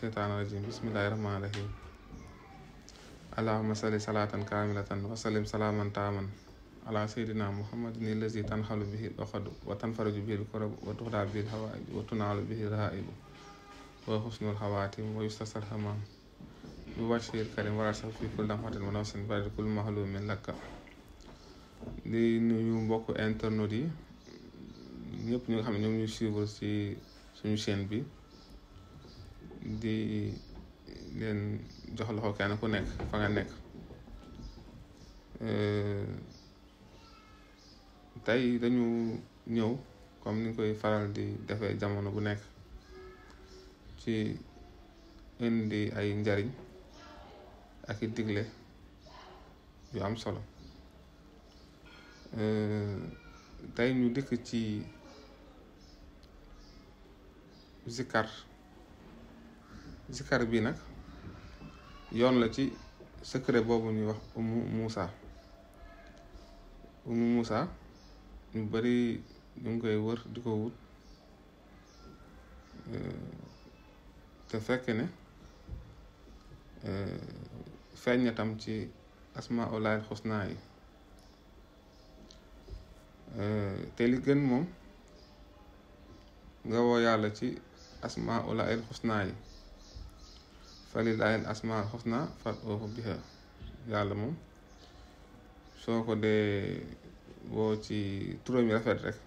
الشيطان الرجيم بسم الله الرحمن الرحيم اللهم صل صلاة كاملة وسلم سلاما تاما على سيدنا محمد الذي تنحل به الأخد وتنفرج به الكرب وتغدى به الهوائج وتنال به الرهائب وحسن الخواتم ويستسر الهمام بوجهه الكريم ورسل في كل لمحة مناصر بعد كل مهلوم لك di nuyu mbokku internautes yi ñëpp ñi nga xam ne ñoom ñu suivre ci suñu chaîne bi di leen jox loxo kenn ku nekk fa nga nekk euh, tey dañu ñëw comme ni koy faral di defee jamono bu nekk ci indi ay njariñ ak digle yu am solo euh, tey ñu dikk ci zikar zikar bi nag yoon la ci secret boobu ñuy wax umu Moussa umu Moussa ñu bari ñu ngi koy wër di ko wut eh, te fekk ne eh, feeñ na ci asmaa ulaay xusna yi eh, te li gën moom nga woo yàlla ci asma ulaay xusna yi falillaahi asmaal xusna fad'uuhu biha yàlla moom soo ko dee woo ci turam yi rafet rek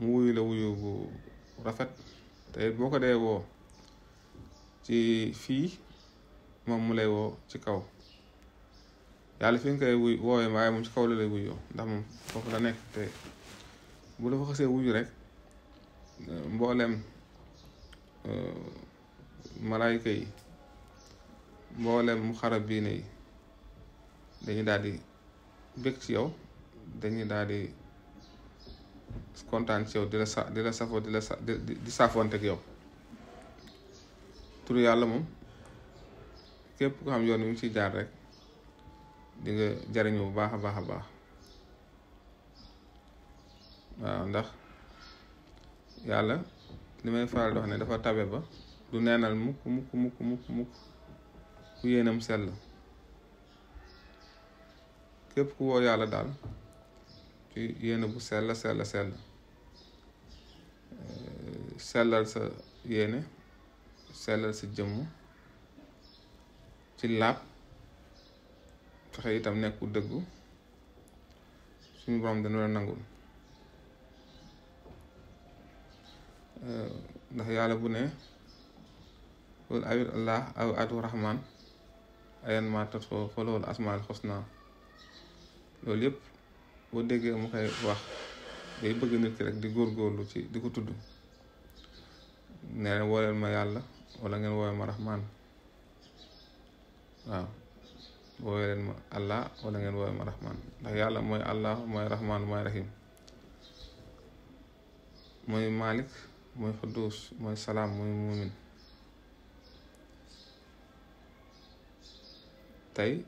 mu wuyu la wuyu bu rafet te boo ko dee woo ci fii moom mu lay woo ci kaw yàlla fi nga koy wuy woowee waaye moom ci kaw la lay wuyoo ndax moom foofu la nekk te bu la fa xasee wuyu rek mboolem euh, malaayka yi mboolem muqarrabiin yi dañu daal di bëgg ci yow dañu daal kontaan ci yow di la sa di la safoo di la sa yow tur yàlla moom képp ko xam yoon wi mu ci jaar rek di nga jariñu bu baax a baax a baax waaw ndax yàlla li may faral di ne dafa tabe ba du neenal mukk mukk mukk mukk mukk ku yéenam sell képp ku woo yàlla daal ci yéene bu sell sell sell eh, sellal sa yéene sellal sa jëmm ci laab fexe itam nekku dëggu suñu borom dana la nangul eh, ndax yàlla bu ne loolu awit allah aw atu rahman ayan ma tat foo falowul asmaal xusna loolu yëpp boo déggee mu koy wax day bëgg nit ki rek di góorgóorlu ci di ko tudd ne woo leen ma yàlla wala ngeen woowee ma rahmaan waaw woowee leen ma allah wala ngeen woowee ma rahmaan ndax yàlla mooy allah mooy rahmaan mooy rahim mooy malik mooy xudduus mooy salaam mooy muumin tey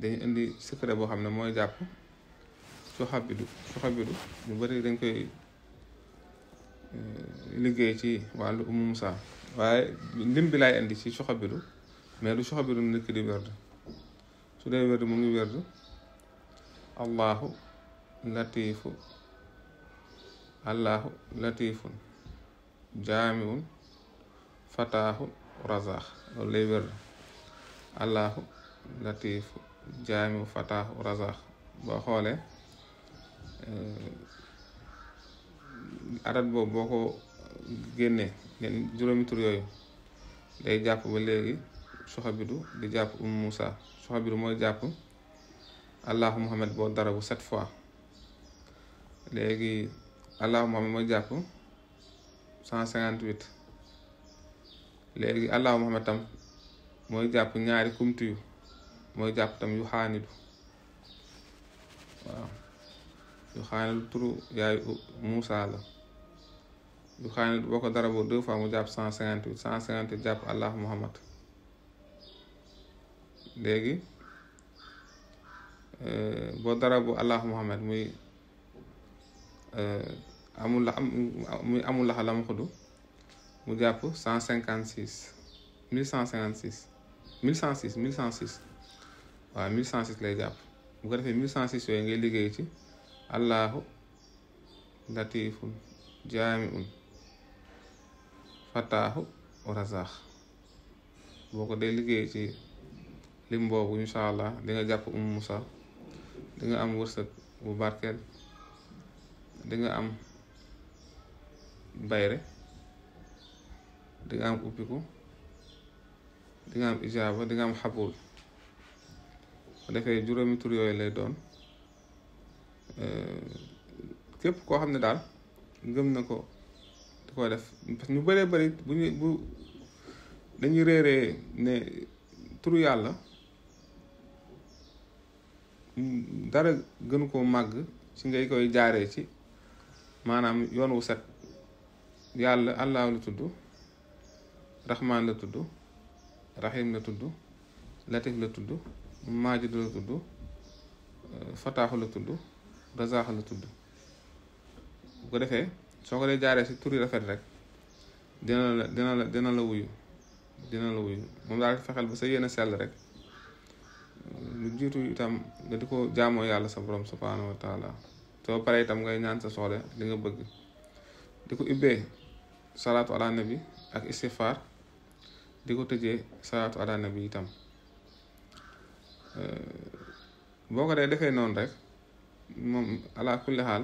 dañu indi secret boo xam ne mooy jàpp soxabidu soxabidu mu bari dañ koy euh, liggéey ci wàllu umum saa waaye lim indi ci soxabidu mais du soxabidu nit ki di werd su dee werd mu ngi allahu latifu allahu latifun jaamiun fataahu razaax loolu lay werd allahu latifu jaamiu fataahu razaq boo xoolee eh, adat boobu boo ko génnee juróomi yooyu day jàpp ba léegi soxabidu di jàpp um Moussa soxabidu mooy jàpp allahu muhammad boo dara bu sept fois léegi allahu muhammad mooy jàpp cent cinquante huit léegi allahu muhammad tam mooy jàpp ñaari kumtu mooy jàpp tam yu xaanidu yu xaanidu turu yaay Muusa la yu xaanidu boo ko dara boo deux mu jàpp cent cinquante huit cent cinquante huit jàpp allah muhammad léegi euh, boo dara bu allah muhammad muy euh, amul la am muy amul la xudu mu jàpp cent cinquante six mille cent cinquante six cent 1106 1106 waaw 1106 lay jàpp bu ko defee 1106 yooyu ngay liggéey ci allahu latifun jaamiun fataahu razaax boo ko dee liggéey ci lim boobu incha allah di jàpp um musa di am wërsëg bu barkeel di am bayre di am uppiku dinga am ijaaba dinga am xabul bu defee juróomi tur yooyu lay doon eh, képp koo xam ne daal gëm na ko di ko def parce que ñu bëree bëri bu ñu bu dañuy réeree ne tur yàlla dara gënu koo màgg ci ngay koy jaaree ci maanaam yoon wu set yàlla allah la tudd rahmaan la tudd raxiim la tudd latif la tudd maajid la tudd euh, fataaxu la tudd razaax la tudd bu ko defee soo ko dee jaaree si tur yi rafet rek dina la dina la dina la wuyu dina la wuyu moom daal fexeel ba sa yéene sell rek lu jiitu itam nga di ko jaamoo yàlla sa borom subhaanahu wa taala soo paree itam ngay ñaan sa soxla li nga bëgg di ko ubbee salaatu ala nabi ak istighfar di ko tëjee salaatu ala nabi itam eh, boo ko dee defee noonu rek moom ala kulli xaal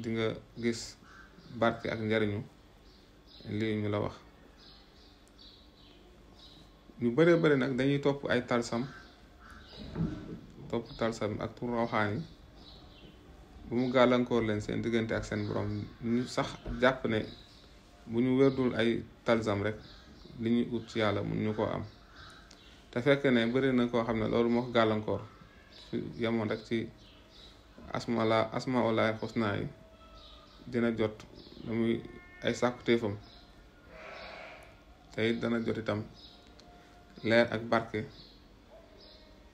di nga gis barke ak njariñu lii ñu la wax ñu bëree bëri nag dañuy topp ay talsam topp talsam ak tur rawxaan yi bu mu gàllankoor leen seen diggante ak seen borom ñu sax jàpp ne bu ñu wérdul ay talsam rek li ñuy ut ci yàlla mun ñu koo am te fekk ne bëri na koo xam ne loolu moo ko gàllankoor su yemoon rek ci asma la asma olaay xusna yi dina jot lu muy ay sàkkutéefam te it dana jot itam leer ak barke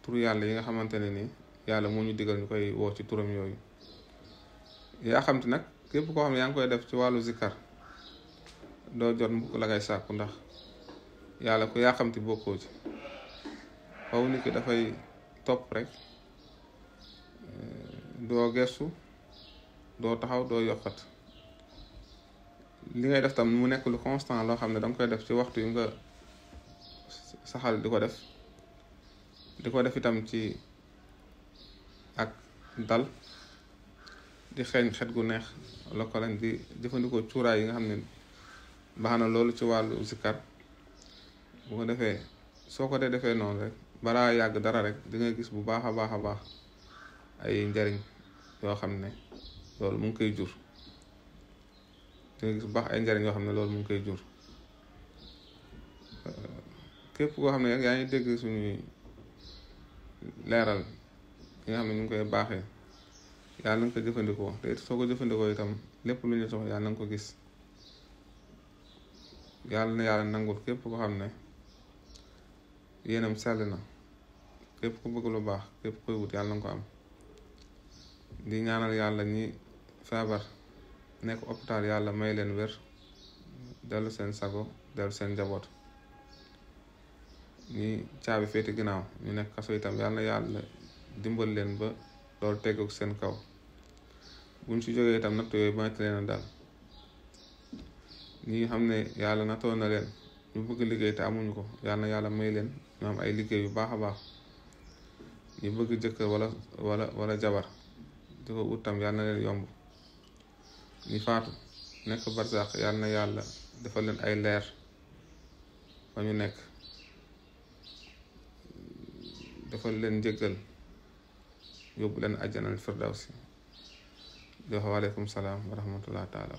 tur yàlla yi nga xamante ne ni yàlla moo ñu diggal ñu koy woo ci turam yooyu yaa xam te nag képp koo xam ne yaa ngi koy def ci wàllu zikkar doo jot mbukk la ngay sàkku ndax yàlla ku yàqamti bokkoo ci xaw nit ki dafay topp rek eh, doo gestu doo taxaw doo yokkat li ngay def tam mu nekk lu constant loo xam ne danga koy def ci waxtu yu nga saxal di ko def di ko def itam ci ak dal di xeeñ xet gu neex la ko lañ di jëfandikoo cuuraay yi nga xam ne baax na loolu ci wàllu zikkar bu ko defee soo ko dee defee noonu rek balaa yàgg dara rek di gis bu baax a baax a baax ay njariñ yoo xam ne loolu mu ngi koy jur di nga baax njariñ yoo xam ne loolu mu ngi koy jur képp koo xam ne yaa ngi dégg suñuy leeral yi xam ne ñu ngi koy baaxee yàlla na nga ko jëfandikoo soo ko jëfandikoo itam lépp lu ñu soxla yàlla ko gis yàlla na yàlla nangul képp koo xam ne yéenam sell na képp ku bëgg lu baax képp ko wut yàlla na ko am di ñaanal yàlla ñi feebar nekk hôpital yàlla may leen wér dellu seen sago dellu seen njaboot ñi caabi féete ginnaaw ñu nekk kaso itam yàlla na yàlla dimbal leen ba loolu teggoog seen kaw buñ si jógee itam natt yooyu bañ leen a dal ñi xam ne yàlla nattoon na leen ñu bëgg liggéey te amuñu ko yàlla na yàlla may leen ñu am ay liggéey yu baax a baax ñu bëgg jëkkër wala walla wala jabar di ko ut tam yàlla na leen yomb ñu faatu nekk barsaax yàlla na yàlla defal leen ay leer fa ñu nekk dafa leen njëggal yóbbu leen àjjanal firdawsi di wax waaleykum salaam wa rahmatullah taala